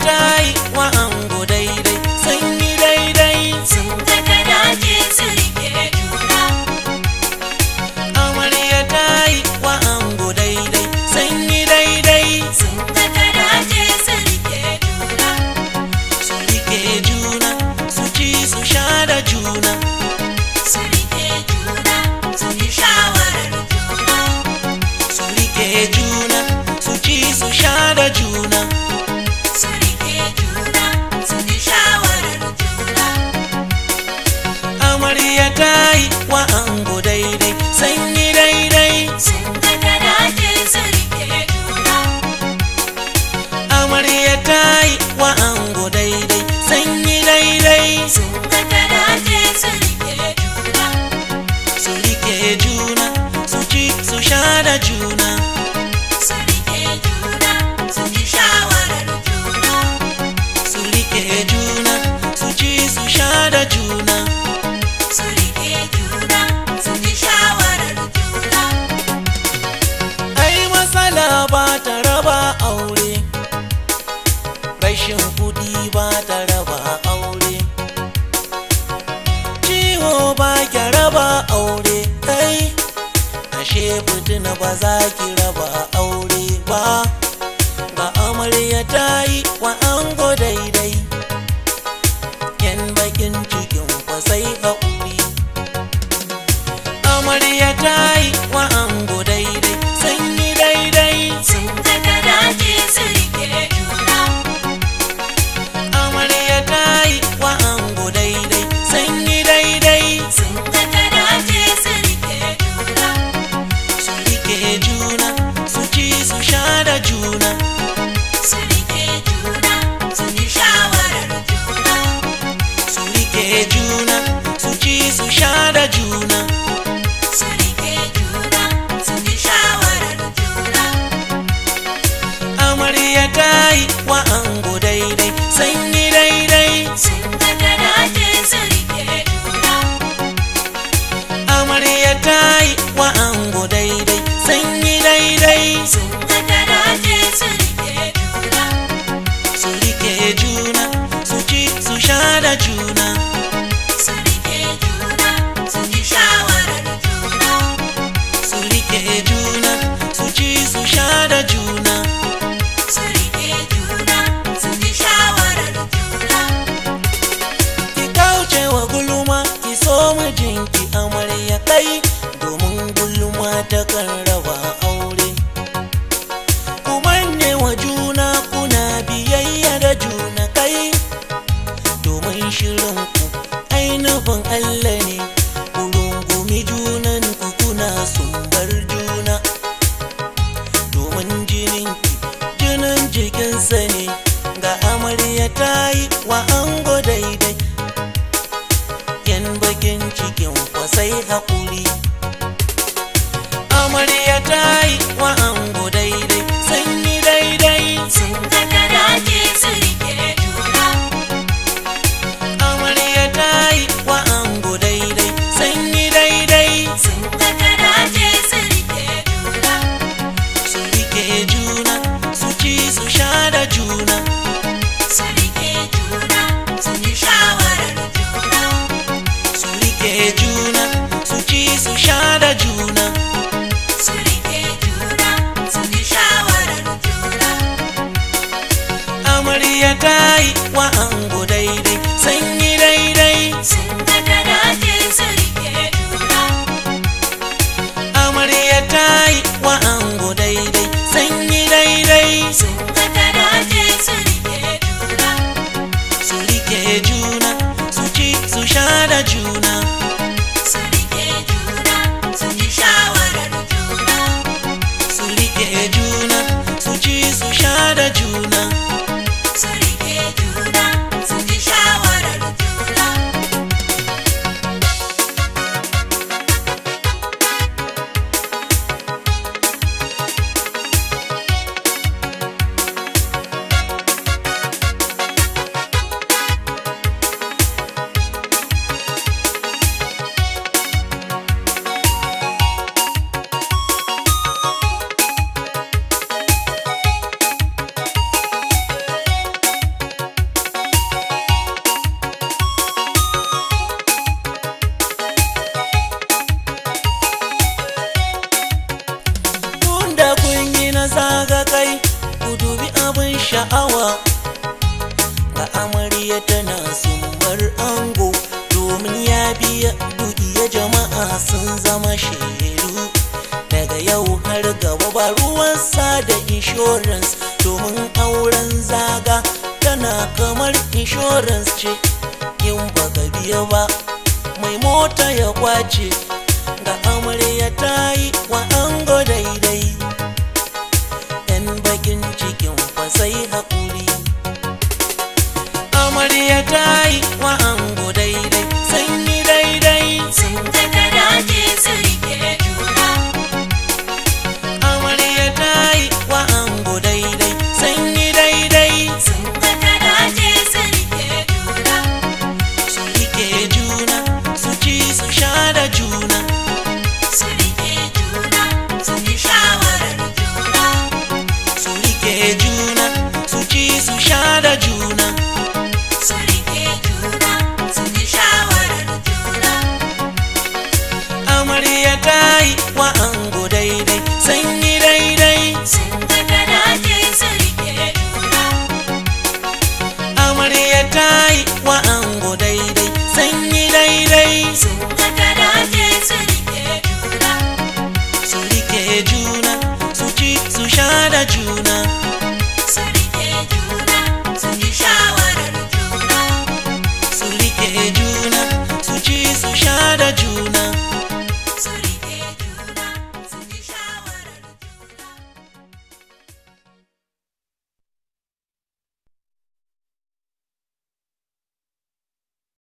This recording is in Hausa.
die. ba za ki raba aure ba Ba amarya ta yi wa an gode su sha da juna su rike juna su fi shawarar juna amarya ta yi hakuri amarya ta yi wa ango daidai sun daidai sun daga daji su rike juna amarya ta yi wa ango daidai sun daidai sun daga daji su rike juna su rike juna su ci su sha da juna su you. juna su shawarar juna sha'awa ga amarya tana sumbar ango domin ya biya dukiya jama'a sun zama shedu daga yau har gaba ba ruwansa da insurance domin auren zaga tana kamar insurance ce in ga biya ba mai mota ya kwace ga amarya ta yi wa kai wa